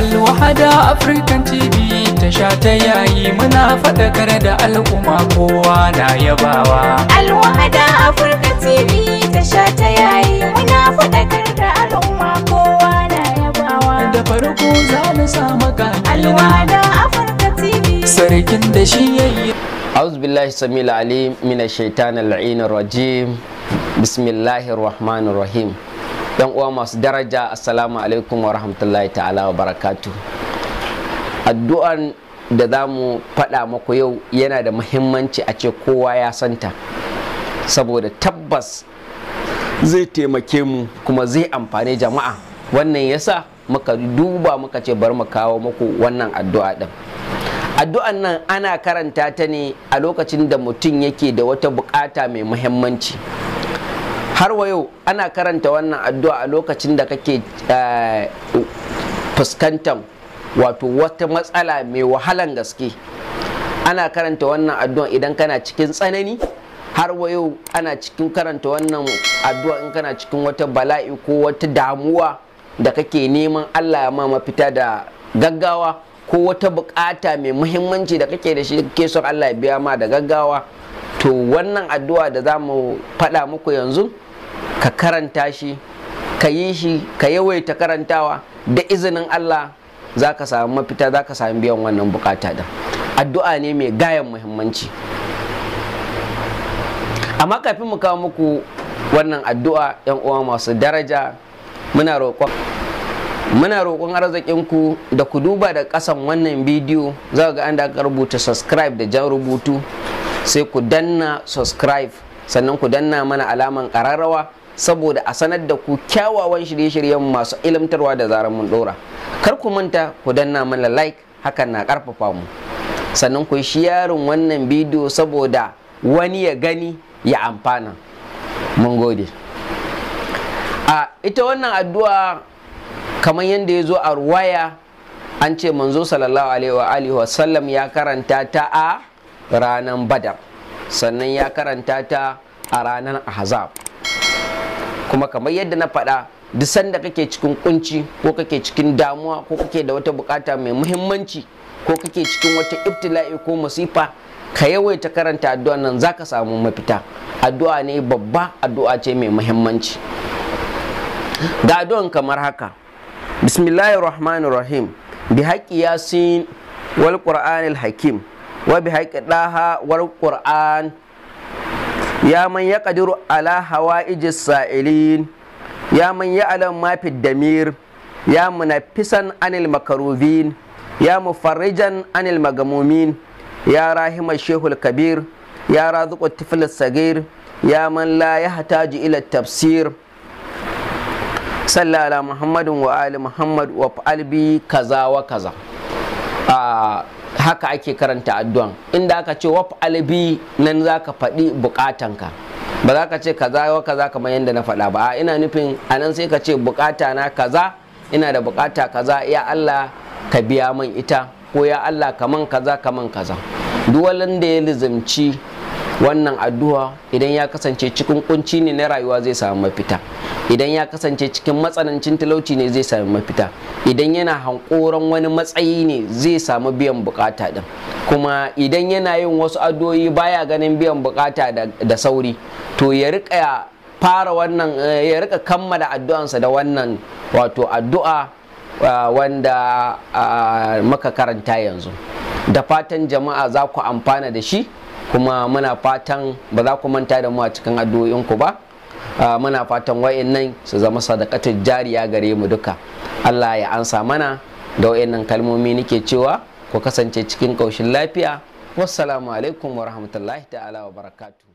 alwahada african tv ta sha ta yayi muna faɗakar da al'umma kowa na yabawa alwahada african tv ta sha ta yayi muna faɗakar da al'umma kowa na yabawa da farko za mu sa maka alwahada african tv sarkin da shi yayi أعوذ بالله السميع العليم من الشيطان اللعين الرجيم بسم الله الرحمن الرحيم yan uwa masu daraja assalamu alaikum wa rahmatullahi ta'ala wa barakatu addu'an da za mu faɗa maku yau yana da muhimmanci a ce kowa ya santa saboda tabbas zai taimake mu kuma zai amfani jama'a wannan yasa muka duba muka ce bar mu kawo muku wannan addu'a din addu'an nan ana karanta ta ne a lokacin da mutum yake da wata bukata mai muhimmanci har wa yau ana karanta wannan addu'a a lokacin da kake eh, fuskantar wato wata matsala mai wahalan gaske ana karanta wannan addu'a idan kana cikin tsanani har wa yau ana cikin karanta wannan addu'a in kana cikin wata bala'i ko wata damuwa da kake neman Allah ya ma mafita da gaggawa ko wata bukata mai muhimmanci da kake da shi kake son Allah ya biya ma da gaggawa to wannan addu'a da za mu faɗa muku yanzu ka karanta shi ka yi shi ka yawaita karantawa da izinin Allah za ka samu mafita za ka samu biyan wannan bukata da addu'a ne mai gayan muhimmanci amma kafin mu kawo muku wannan addu'a yan uwa masu daraja muna roƙon muna roƙon arzikinku da ku duba da ƙasan wannan bidiyo za ga an da aka rubuta subscribe da jan rubutu sai ku danna subscribe sannan ku danna mana alaman ƙararrawa saboda a sanar da ku kyawawan shirye-shiryen masu ilimtarwa da zarar mun dora kar ku manta ku danna mana like hakan na karfafa mu sannan ku shiyarin wannan bidiyo saboda wani ya gani ya amfana mun gode a ita wannan addu'a kamar yadda ya zo a ruwaya an ce manzo sallallahu alaihi wa alihi wa sallam ya karanta ta a ranar badar sannan ya karanta ta a ranar ahzab kuma kamar yadda na faɗa duk sanda kake cikin kunci ko kake cikin damuwa ko kake da wata bukata mai muhimmanci ko kake cikin wata ibtila'i ko masifa ka yawaita karanta addu'a nan zaka samu mafita addu'a ne babba addu'a ce mai muhimmanci ga addu'an kamar haka bismillahir rahmanir rahim bi haqqi yasin wal qur'anil hakim wa bi haqqi daha wal qur'an ya man ya ƙadiru ala hawa ijis sa'ilin ya man ya alam mafi damir ya munafisan anil makarubin ya mufarrijan anil magamumin ya rahima shehul kabir ya razuku tifil sagir ya man ya hataji ila tafsir sallallahu muhammadin wa ali muhammad wa albi kaza wa kaza ah, haka ake karanta addu'an inda aka ce waf albi nan za ka faɗi buƙatanka ba za ka ce kaza wa kaza kamar yadda na faɗa ba ina nufin a nan sai ka ce buƙata na kaza ina da buƙata kaza ya Allah ka biya min ita ko ya Allah kaman kaza kaman kaza duk wanda ya lizimci wannan addu'a idan ya kasance cikin kunci ne na rayuwa zai samu mafita idan ya kasance cikin matsanancin talauci ne zai samu mafita idan yana hankoron wani matsayi ne zai samu biyan bukata din kuma idan yana yin wasu addu'o'i baya ganin biyan bukata da sauri to ya rika fara wannan eh, ya rika kammala addu'ansa da wannan wato addu'a ah, wanda ah, maka karanta yanzu da fatan jama'a za ku amfana da shi kuma muna fatan ba za ku manta da mu a cikin addu'o'inku ba muna fatan wayannan su zama sadakatar jariya gare mu duka Allah ya ansa mana da wayannan kalmomi nake cewa ku kasance cikin ƙaushin lafiya wassalamu alaikum wa rahmatullahi ta'ala wa barakatu